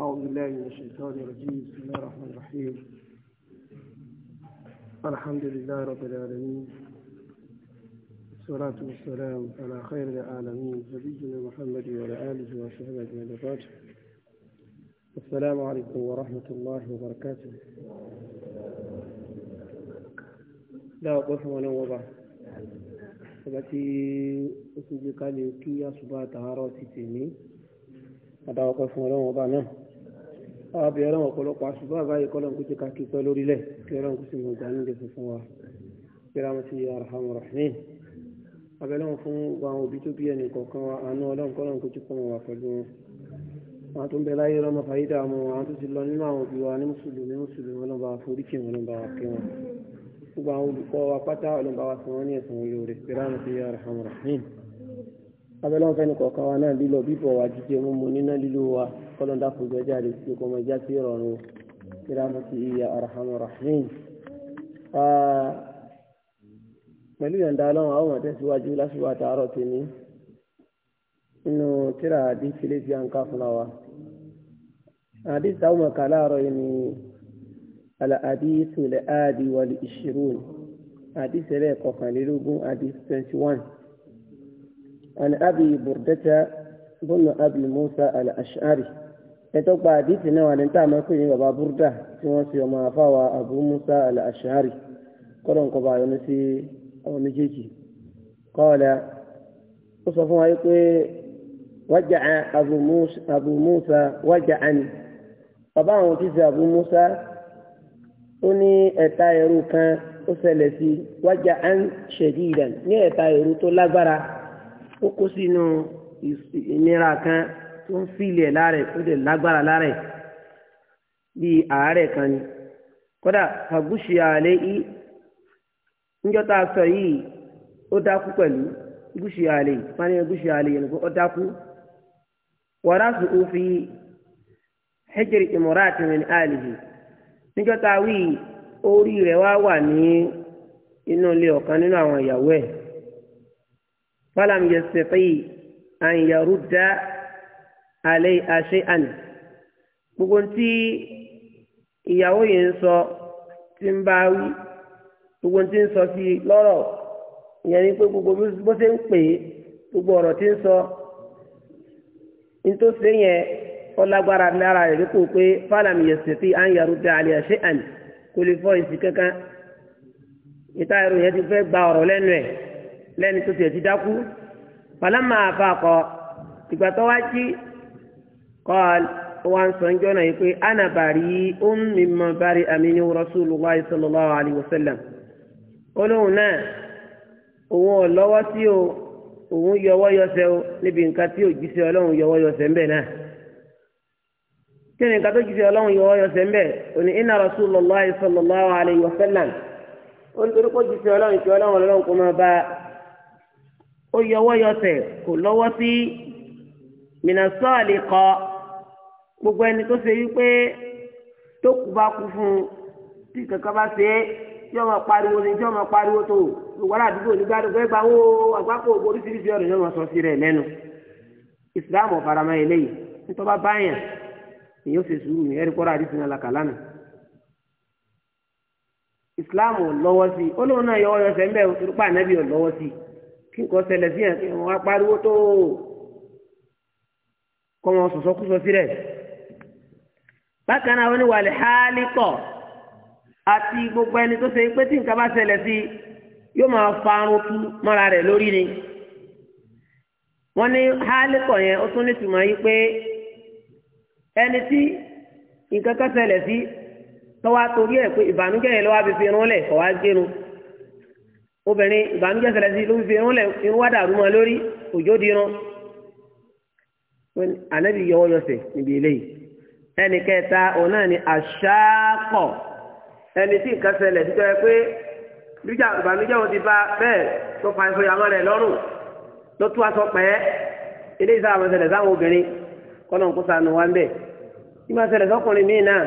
أعوذ بالله من الشيطان الرجيم بسم الله الرحمن الرحيم الحمد لله رب العالمين والصلاة والسلام على خير العالمين نبينا محمد وعلى آله وصحبه أجمعين السلام عليكم ورحمة الله وبركاته لا أقف ونوضع التي أسجل كان يكي أصبات هارو تتيني هذا أقف ونوضع نعم àbẹ̀ ẹ̀rọ ọ̀pọ̀lọpọ̀ àṣùgbọ́ àbáyé kọ́lọ̀ ń kúti káàkiri pẹ́ lórílẹ̀ kí ẹ̀rọ ń kúti mọ̀ gbà nílé fún wa kí ẹ̀rọ ti arhamur rahimin àbẹ̀ ẹ̀rọ fún àwọn òbí tó bí ẹnì kọ̀ọ̀kan wa àánú ọlọ́run kọ́lọ̀ ń kúti fún wa pẹ̀lú wọn. àwọn tó ń bẹ láyé rọmọ fàyídà mọ àwọn tó ti lọ nínú àwọn òbí wa ní mùsùlùmí mùsùlùmí ọlọ́ba foríkì ọlọ́ba kí wọn gbogbo àwọn olùkọ́ wa pátá ọlọ́ba wa san wọ́n ní ẹ̀sán olóore kí ẹ̀rọ ti arhamur rahimin abẹ́lẹ́ wọn fẹ́ ní kọ̀ọ̀kan wa náà lílọ bíbọ̀ wa jíjẹ mú mu níná lílo wa kọ́lọ́n dákun jọ jáde sí kọ́mọ ìjà sí ìrọ̀rùn kírámùtì ìyá arahamu rahim. pẹ̀lú ìyọ̀ǹda ọlọ́run àwọn àtẹ̀síwájú lásìkò àtàárọ̀ tèmi nínú kíra àdínkìlẹ̀ tí a ń ká fúnra wa. àdínkì táwọn ọmọ kàlá àárọ̀ yìí ni الأحاديث الآدي والعشرون حديث ريق خليلوب حديث 21 عن أبي بردة بن أبي موسى الأشعري ẹ̀tọ́ gba àdìsí náà wà ní tá a máa pè ní bàbá búrúdà tí wọ́n fi ọmọ àfáwà Abu Musa al-Ash'ari kọ́dọ̀ nǹkan bá yọnu sí ọmọ méjèèjì kọ́ọ̀dà ó sọ fún wa pé wájà wájà àní bàbá àwọn òṣìṣẹ́ Abu Musa ó ní ẹ̀ta ẹ̀rú kan ó ṣẹlẹ̀ sí wájà án shadidan ní ẹ̀ta ẹ̀rú tó lágbára ó kó sínú ìnira kan. tó ń tó dẹ̀ lágbára lára bíi àárẹ̀ kan ni kódà fàgùsì àlẹ́ yìí níjọ́ tá a sọ yìí ó dákú pẹ̀lú gúṣe àlẹ́ fani gùsì àlẹ́ yìí ó dákú wàrà sùkú fi níjọ́ tá a wí orí rẹ̀ wá wà ní inú ilé ọ̀kan nínú àwọn ìyàwó ẹ̀ dá. alẹ́ àṣẹ àná gbogbo tí ìyàwó yìí ń sọ tí ń bá wí gbogbo tí ń sọ sí lọ́rọ̀ ìyẹn ni pé gbogbo bó ṣe ń pè é gbogbo ọ̀rọ̀ tí ń sọ nítòsí yẹn ọlágbára lára rẹ̀ kò pé fálàmì yẹ̀sẹ̀ tí à ń yàrá bí alẹ́ àṣẹ àná kò lè fọ èsì kankan ìta ìròyìn yẹn ti fẹ́ gba ọ̀rọ̀ lẹ́nu ẹ̀ lẹ́ni tó tiẹ̀ ti dákú pàlámà àfàkọ́ ìgbà tó wá jí قال وان سنجونا يقول أنا بريء مما برئ منه رسول الله صلى الله عليه وسلم قلوا نا òun ọlọ́wọ́ sí o òun yọwọ́ yọsẹ̀ o níbi nǹkan tí òjíṣẹ́ ọlọ́run yọwọ́ yọsẹ̀ ń bẹ̀ náà kí ni nǹkan tó jíṣẹ́ ọlọ́run yọwọ́ yọsẹ̀ ń bẹ̀ òní iná Rasulullah sallallahu alaihi wasallam ó ń torí kó jíṣẹ́ ọlọ́run tí ọlọ́run ọlọ́run kò máa bá ó yọwọ́ yọsẹ̀ kò lọ́wọ́ sí mina sọ́ọ̀lì kọ gbogbo ẹni tó ṣe wípé tó kú bá kú fún un tí kankan bá ṣe é tí ọmọ pariwo ni tí ọmọ pariwo tó ìwọ́n àdúgbò ní gbádùn fẹ́ gbà wó àgbákò oríṣiríṣi ọ̀rọ̀ ni wọ́n sọ sí rẹ̀ lẹ́nu ìsìláàmù ọ̀farama eléyìí nítorí bá báyàn èyí ó ṣe sùúrù ní ẹ̀rí kọ́ra àdìsí náà làkàlà lọ́wọ́ sí i náà yọ ọyọ sẹ́ńbẹ́ kọ́ wọn sọ̀sọ́ kú sọ sílẹ̀. bákan náà wọ́n ní wàlẹ̀ hálíkọ̀ àti gbogbo ẹni tó ṣe pé tí nǹkan bá ṣẹlẹ̀ sí yóò máa farun tú mọ́ra rẹ̀ lórí ni. wọ́n ní hálíkọ̀ yẹn ó tún nítumọ̀ yìí pé ẹni tí nǹkan kan ṣẹlẹ̀ sí lọ́wọ́ torí ẹ̀ pé ìbànújẹ́ yẹn lọ́wọ́ fi fi irun lẹ̀ kọ́ wá gbénu obìnrin ìbànújẹ́ ṣẹlẹ̀ sí ló fi fi irun lẹ̀ irun wá dàrú mọ́ lórí òjò dirun ànábì yọwọ́ yọsẹ̀ níbi eléyìí ẹnì kẹta òun náà ni àṣàkọ ẹni tí nǹkan ṣẹlẹ̀ títọ́ ẹ pé bíjà ìbànújẹ́ òun ti bá bẹ́ẹ̀ tó fa ìfọyàmọ́ rẹ̀ lọ́rùn ló tú aṣọ pẹ́ eléyìí sábà máa ṣẹlẹ̀ sáwọn obìnrin kọ́nà ń kó sànù wá ń bẹ̀ bí máa ṣẹlẹ̀ sọ́kùnrin míì náà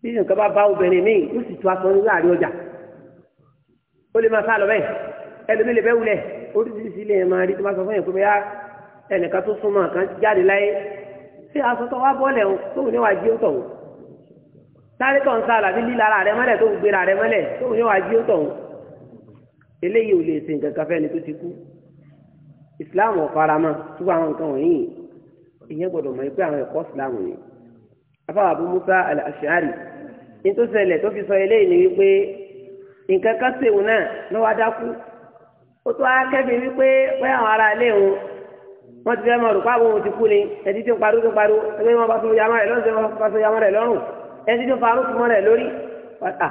bí nǹkan bá bá obìnrin míì ó sì tú aṣọ ní láàrin ọjà ó lè máa sá lọ bẹ́ẹ̀ ẹlòmíì lè bẹ́ wulẹ̀ oríṣiríṣi lè máa rí tó máa sọ fún yẹn pé bẹ́ẹ̀ ẹnìkan tó súnmọ́ kan jáde láyé ṣé aṣọ tó wá bọ́ọ̀lẹ̀ o tóun ní wàá jí ó tọ̀hún sáré tó ń sá àlàbí líla ara rẹ mọ́lẹ̀ tóun gbéra rẹ mọ́lẹ̀ tóun ní wàá jí ó tọ̀hún eléyìí ò lè ṣe nǹkan kan fẹ́ni tó ti kú Islam ọ̀faramọ́ tó àwọn nǹkan wọ̀nyí ìyẹn gbọ́dọ̀ mọ̀ pé àwọn ẹ̀kọ́ Islam ni afáwọn Abu Musa al-Ash'ari ní tó ṣẹlẹ̀ tó fi sọ eléyìí ni wípé nǹkan kan ṣèwọ̀n náà lọ́wọ́ adákú ó tó á kẹ́bi wípé pé àwọn ará wọ́n ti fẹ́ mọ̀ rò páàbò wọn ti kú ni ẹtí tó parú tó parú ẹgbẹ́ wọn bá so yamọ́ rẹ̀ lọ́rùn tó bá so yamọ́ rẹ̀ lọ́rùn ẹtí tó parú tó mọ́ rẹ̀ lórí pátá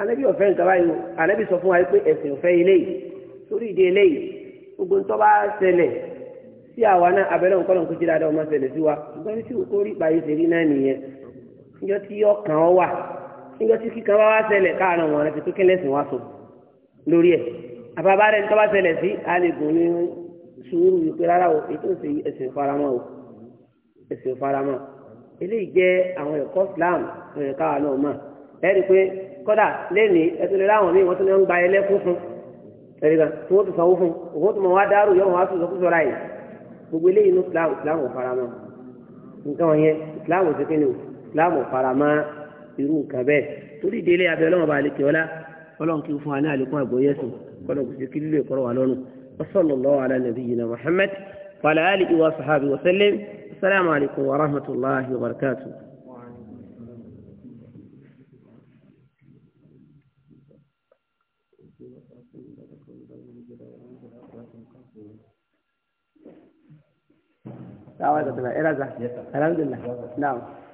alẹ́bí ọ̀fẹ́ nǹkan báyìí o alẹ́bí sọ fún wa pé ẹ̀sìn ọ̀fẹ́ eléyìí torí ìdí eléyìí gbogbo ń tó bá ṣẹlẹ̀ sí àwa náà abẹ́rẹ́ nǹkan lọ́nkú jí dáadáa ọmọ ṣẹlẹ̀ sí wa gbọ́dọ̀ tí kò rí ìpàyè ṣe rí náà nìyẹn níjọ́ tí ọkàn ọ wà níjọ́ tí kíkan bá wá ṣẹlẹ̀ káàárọ̀ wọn rẹ̀ ti tó kẹ́lẹ́sìn wá so lórí ẹ̀ sùúrù yìí rárá o ètò ìsìn ẹ̀sìn ìfaramọ́ o ẹ̀sìn ìfaramọ́ eléyìí jẹ́ àwọn ẹ̀kọ́ Islam ẹ̀rẹ̀ káwa náà mọ̀ ẹ̀rí pé kọ́dà lẹ́nìí ẹ̀tún lè láwọn míì wọ́n tún lè ń gba ẹlẹ́kún fún ẹ̀rí kan tí wọ́n ti sanwó fún òun tó mọ̀ wá dárò yọ̀ wọ́n wá sọ̀rọ̀ fúnṣọ́ ráyè gbogbo eléyìí ní Islam Islam ò faramọ́ nǹkan wọ̀nyẹn Islam ò sẹ́kẹ́ ni o Islam ò faramọ́ irú nǹkan bẹ́ẹ̀ torí ìdílé abẹ́ ọlọ́run bá àlekè ọlá ọlọ́run kì í fún wa ní àlékún àgbọ̀yẹ̀sìn kọ́lọ́ kò وصلى الله على نبينا محمد وعلى آله وصحابه وسلم السلام عليكم ورحمة الله وبركاته دعوة الإرادة الحمد لله نعم